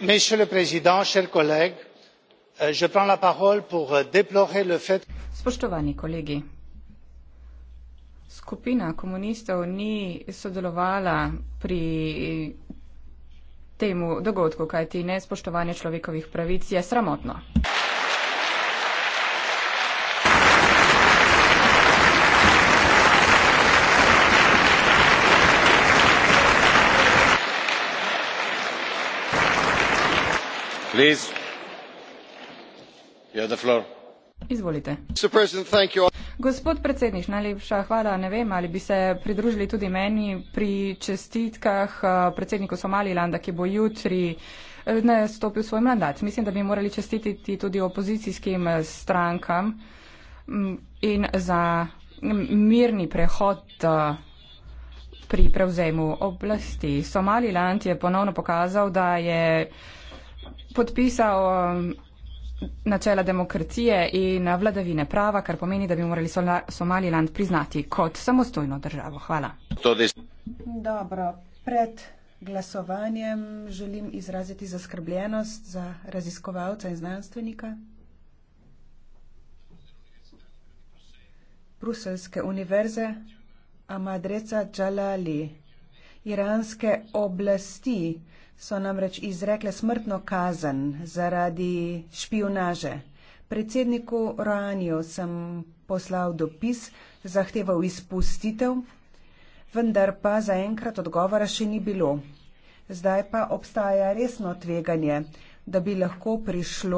monsieur le président chers collègues euh, je prends la parole pour euh, déplorer le fait. spoštovani kolegi skupina komunistov ni sodelovala pri temu dogodku kajti nespoštovanje človekovih pravic je sramotno. gospod predsednik najlepša hvala ne vem ali bi se pridružili tudi meni pri čestitkah eh, predsedniku somalilanda ki bo jutri eh, nastopil svoj mandat mislim da bi morali čestititi tudi opozicijskim eh, strankam mm, in za mm, mirni prehod pri prevzemu oblasti somaliland je ponovno pokazal da je podpisal um, načela demokracije in vladavine prava, kar pomeni, da bi morali Somaliland priznati kot samostojno državo. Hvala. Dobro, pred glasovanjem želim izraziti zaskrbljenost za raziskovalca in znanstvenika. Bruselske univerze Amadreca Džalali iranske oblasti so namreč izrekle smrtno kazen zaradi špionaže. Predsedniku Rouhaniju sem poslal dopis, zahteval izpustitev, vendar pa zaenkrat odgovora še ni bilo. Zdaj pa obstaja resno tveganje, da bi lahko prišlo.